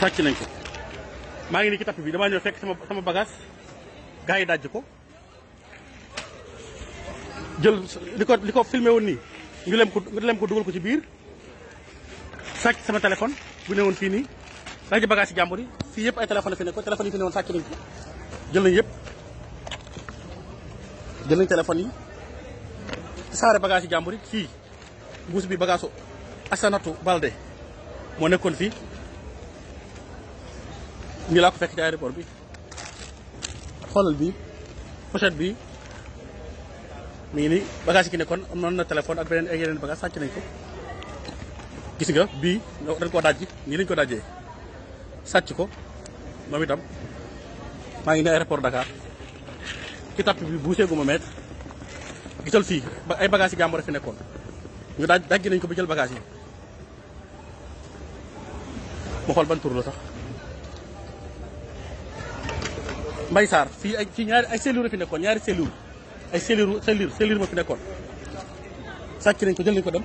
sàcc nañ ko maa ngi nii ci tapis bi damaa ñëw fekk sama sama bagage yi dajj ko jël li ko li ko filmé woon nii ñu lem ko ñu ko dugal ko ci biir sàcc sama téléphone bu ne woon fii nii dajj bagage yi jàmbur yi fii yëpp ay téléphone fi nekkoon téléphone yi fi ne woon sàcc nañ ko jël nañ yëpp jël nañ téléphone yi saare bagage yi jàmbur yi fii mbuus bi bagage su Asanatu Balde moo nekkoon fii ngi laa ko fekk ci aéroport bi xoolal bi pochette bi mi ngi nii bagage yi ki nekkoon am noonu na téléphone ak beneen ay yeneen bagage sàcc nañ ko gis nga bii dañ koo daj nii lañ ko daje sàcc ko moom itam maa ngi ne aéroport Dakar ci tàpp bi buusee gu ma met fii ay bagage yi jàmbur fi nekkoon ñu daaj dajji nañ ko ba jël bagage yi mu xool ban tur la sax Mbay saar fii ay fii ñaari ay cellule la fi ñaari cellule ay cellule cellule cellule ma fi nekkoon sàcc nañ ko jël nañ ko dem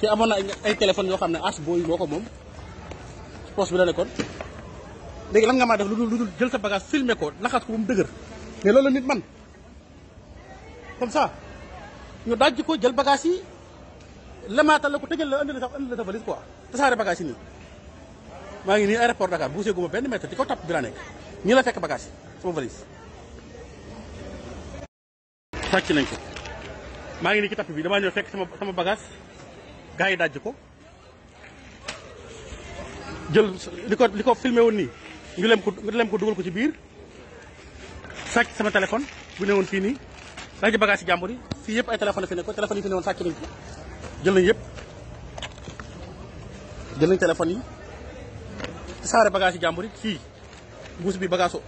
fii amoon na ay téléphone yoo xam ne as booy boo ko moom poste bi la nekkoon léegi lan nga ma def lu dul lu dul jël sa bagage filmé ko laxas ko ba mu dëgër mais loolu nit man comme ça ñu dajji ko jël bagage yi lemaata la ko tëjal la indi la sa indi la sa valise quoi tasaare bagage yi nii maa ngi nii aéroport Dakar bu gisee guma benn mètre di ko topp bi laa nekk ñu la fekk bagage yi sama valise. sàcc nañ ko maa ngi nii ci tapp bi damaa ñëw fekk sama sama bagage gars yi dajj ko jël li ko li ko filmé woon nii ñu lem ko lem ko dugal ko ci biir sàcc sama téléphone bu ne woon fii nii dajj bagage yi jàmbur yi fii yëpp ay téléphone la fi nekkoon téléphone yi fi ne woon sàcc nañ ko jël nañ yëpp jël nañ téléphone yi. saare bagage yi jàmbur it fii mbuus bi bagage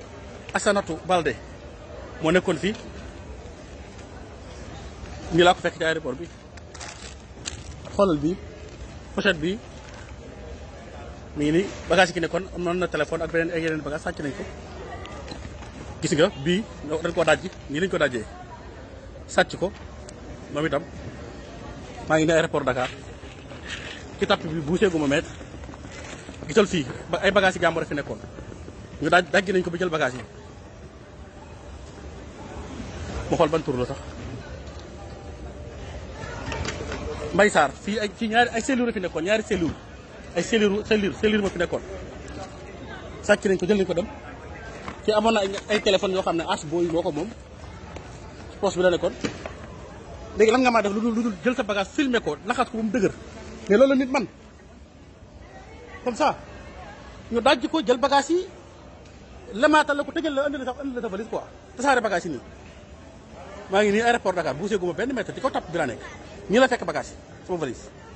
Assanatu Balde moo nekkoon fii ñu laa ko fekk ci aéroport bi xoolal bi pochette bi mu ngi ni bagage yi nekkoon am noonu na téléphone ak beneen ay yeneen bagage sàcc nañ ko gis nga bii dañ koo dajji nii lañ ko daje sàcc ko moom itam maa ngi ne aéroport Dakar ci bi buusee gu ma gisal fii ba ay bagages yi gàmmu rek fi nekkoon ñu daaj dajji nañ ko ba jël bagages yi ma xool ban tur sax Mbay Sarr fii ay fii ñaari ay cellule fi nekkoon ñaari cellule ay cellule cellule cellule moo fi nekkoon sàcc nañ ko jël nañ ko dem te amoon na ay téléphone yoo xam ne as booy moo ko moom poche bi la nekkoon léegi lan nga maa def lu dul lu dul jël sa bagage filmer ko laxas ko ba mu dëgër mais loolu nit man comme ça ñu daj ko jël bagaas yi lamaatal la ko tëjal la indi la indi la sa valise quoi tasaare bagage yi nii. maa ngi nii aéroport Dakar bu seeguma benn mètre di ko topp bi laa nekk ñu la fekk bagage sama valise.